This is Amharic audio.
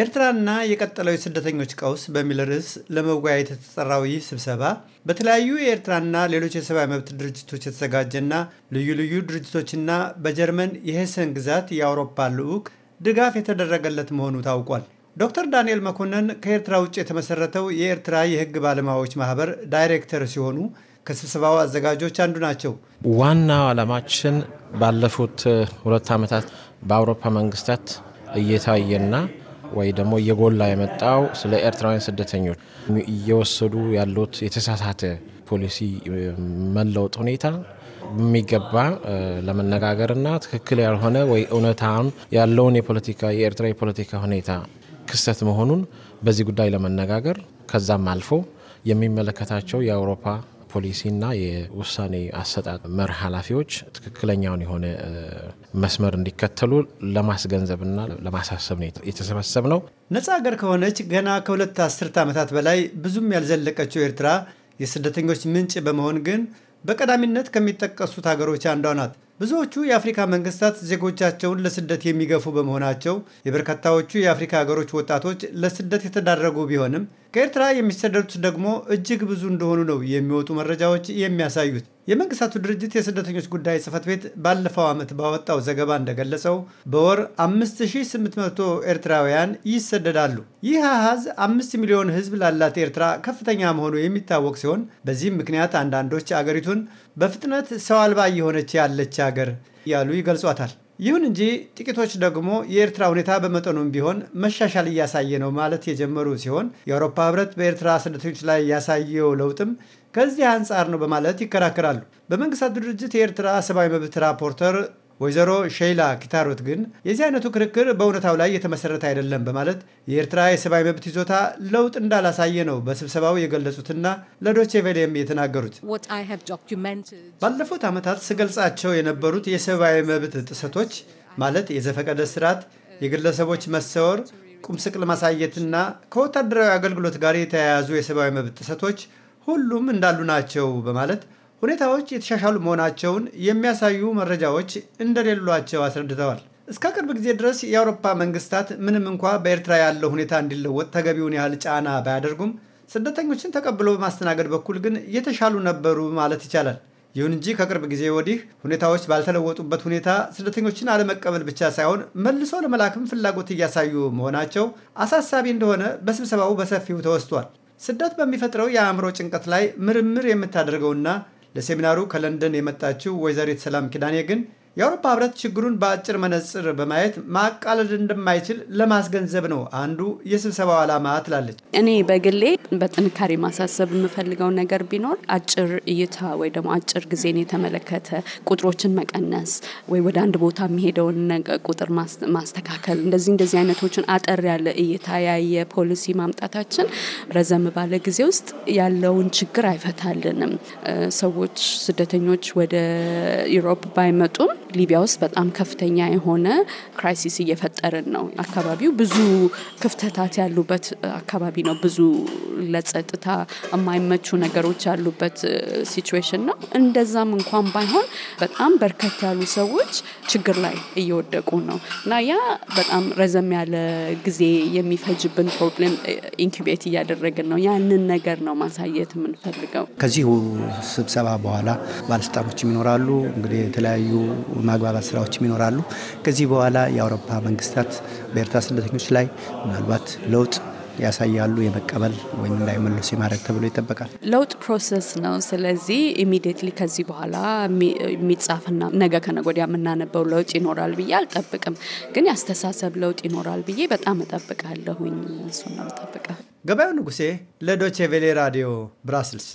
ኤርትራና የቀጠለው የስደተኞች ቀውስ በሚል ርዕስ ለመወያየት የተጠራው ይህ ስብሰባ በተለያዩ የኤርትራና ሌሎች የሰብአዊ መብት ድርጅቶች የተዘጋጀና ልዩ ልዩ ድርጅቶችና በጀርመን የሄሰን ግዛት የአውሮፓ ልዑክ ድጋፍ የተደረገለት መሆኑ ታውቋል። ዶክተር ዳንኤል መኮንን ከኤርትራ ውጭ የተመሰረተው የኤርትራ የሕግ ባለሙያዎች ማህበር ዳይሬክተር ሲሆኑ ከስብሰባው አዘጋጆች አንዱ ናቸው። ዋናው ዓላማችን ባለፉት ሁለት ዓመታት በአውሮፓ መንግስታት እየታየና ወይ ደግሞ እየጎላ የመጣው ስለ ኤርትራውያን ስደተኞች እየወሰዱ ያሉት የተሳሳተ ፖሊሲ መለወጥ ሁኔታ የሚገባ ለመነጋገርና ትክክል ያልሆነ ወይ እውነታን ያለውን የፖለቲካ የኤርትራ የፖለቲካ ሁኔታ ክስተት መሆኑን በዚህ ጉዳይ ለመነጋገር ከዛም አልፎ የሚመለከታቸው የአውሮፓ ፖሊሲና የውሳኔ አሰጣጥ መርህ ኃላፊዎች ትክክለኛውን የሆነ መስመር እንዲከተሉ ለማስገንዘብና ለማሳሰብ ነው የተሰበሰብ ነው። ነጻ ሀገር ከሆነች ገና ከሁለት አስርት ዓመታት በላይ ብዙም ያልዘለቀችው ኤርትራ የስደተኞች ምንጭ በመሆን ግን በቀዳሚነት ከሚጠቀሱት ሀገሮች አንዷ ናት። ብዙዎቹ የአፍሪካ መንግስታት ዜጎቻቸውን ለስደት የሚገፉ በመሆናቸው የበርካታዎቹ የአፍሪካ ሀገሮች ወጣቶች ለስደት የተዳረጉ ቢሆንም ከኤርትራ የሚሰደዱት ደግሞ እጅግ ብዙ እንደሆኑ ነው የሚወጡ መረጃዎች የሚያሳዩት። የመንግስታቱ ድርጅት የስደተኞች ጉዳይ ጽህፈት ቤት ባለፈው ዓመት ባወጣው ዘገባ እንደገለጸው በወር 5800 ኤርትራውያን ይሰደዳሉ። ይህ አሃዝ 5 ሚሊዮን ህዝብ ላላት ኤርትራ ከፍተኛ መሆኑ የሚታወቅ ሲሆን በዚህም ምክንያት አንዳንዶች አገሪቱን በፍጥነት ሰው አልባ እየሆነች ያለች ሀገር እያሉ ይገልጿታል። ይሁን እንጂ ጥቂቶች ደግሞ የኤርትራ ሁኔታ በመጠኑም ቢሆን መሻሻል እያሳየ ነው ማለት የጀመሩ ሲሆን የአውሮፓ ሕብረት በኤርትራ ስደተኞች ላይ ያሳየው ለውጥም ከዚህ አንጻር ነው በማለት ይከራከራሉ። በመንግስታቱ ድርጅት የኤርትራ ሰብአዊ መብት ራፖርተር ወይዘሮ ሼይላ ኪታሮት ግን የዚህ አይነቱ ክርክር በእውነታው ላይ የተመሰረተ አይደለም በማለት የኤርትራ የሰብአዊ መብት ይዞታ ለውጥ እንዳላሳየ ነው በስብሰባው የገለጹትና ለዶቼ ቬሌም የተናገሩት። ባለፉት ዓመታት ስገልጻቸው የነበሩት የሰብአዊ መብት ጥሰቶች ማለት የዘፈቀደ ስርዓት፣ የግለሰቦች መሰወር፣ ቁምስቅል ማሳየትና ከወታደራዊ አገልግሎት ጋር የተያያዙ የሰብአዊ መብት ጥሰቶች ሁሉም እንዳሉ ናቸው በማለት ሁኔታዎች የተሻሻሉ መሆናቸውን የሚያሳዩ መረጃዎች እንደሌሏቸው አስረድተዋል። እስከ ቅርብ ጊዜ ድረስ የአውሮፓ መንግስታት ምንም እንኳ በኤርትራ ያለው ሁኔታ እንዲለወጥ ተገቢውን ያህል ጫና ባያደርጉም ስደተኞችን ተቀብሎ በማስተናገድ በኩል ግን የተሻሉ ነበሩ ማለት ይቻላል። ይሁን እንጂ ከቅርብ ጊዜ ወዲህ ሁኔታዎች ባልተለወጡበት ሁኔታ ስደተኞችን አለመቀበል ብቻ ሳይሆን መልሶ ለመላክም ፍላጎት እያሳዩ መሆናቸው አሳሳቢ እንደሆነ በስብሰባው በሰፊው ተወስቷል። ስደት በሚፈጥረው የአእምሮ ጭንቀት ላይ ምርምር የምታደርገውና ለሴሚናሩ ከለንደን የመጣችው ወይዘሪት ሰላም ኪዳኔ ግን የአውሮፓ ህብረት ችግሩን በአጭር መነጽር በማየት ማቃለል እንደማይችል ለማስገንዘብ ነው አንዱ የስብሰባው ዓላማ ትላለች። እኔ በግሌ በጥንካሬ ማሳሰብ የምፈልገው ነገር ቢኖር አጭር እይታ ወይ ደግሞ አጭር ጊዜን የተመለከተ ቁጥሮችን መቀነስ ወይ ወደ አንድ ቦታ የሚሄደውን ቁጥር ማስተካከል፣ እንደዚህ እንደዚህ አይነቶችን አጠር ያለ እይታ ያየ ፖሊሲ ማምጣታችን ረዘም ባለ ጊዜ ውስጥ ያለውን ችግር አይፈታልንም። ሰዎች ስደተኞች ወደ ዩሮፕ ባይመጡም ሊቢያ ውስጥ በጣም ከፍተኛ የሆነ ክራይሲስ እየፈጠርን ነው። አካባቢው ብዙ ክፍተታት ያሉበት አካባቢ ነው። ብዙ ለጸጥታ የማይመቹ ነገሮች ያሉበት ሲቹዌሽን ነው። እንደዛም እንኳን ባይሆን በጣም በርከት ያሉ ሰዎች ችግር ላይ እየወደቁ ነው እና ያ በጣም ረዘም ያለ ጊዜ የሚፈጅብን ፕሮብሌም ኢንኩቤት እያደረግን ነው። ያንን ነገር ነው ማሳየት የምንፈልገው። ከዚሁ ስብሰባ በኋላ ባለስልጣኖችም ይኖራሉ እንግዲህ የተለያዩ ማግባባት ስራዎችም ይኖራሉ። ከዚህ በኋላ የአውሮፓ መንግስታት በኤርትራ ስደተኞች ላይ ምናልባት ለውጥ ያሳያሉ የመቀበል ወይም እንዳይመለሱ የማድረግ ተብሎ ይጠበቃል። ለውጥ ፕሮሰስ ነው። ስለዚህ ኢሚዲየትሊ ከዚህ በኋላ የሚጻፍና ነገ ከነገ ወዲያ የምናነበው ለውጥ ይኖራል ብዬ አልጠብቅም፣ ግን ያስተሳሰብ ለውጥ ይኖራል ብዬ በጣም እጠብቃለሁኝ። እሱ ነው ጠብቀ ገበያው ንጉሴ ለዶቼ ቬሌ ራዲዮ ብራስልስ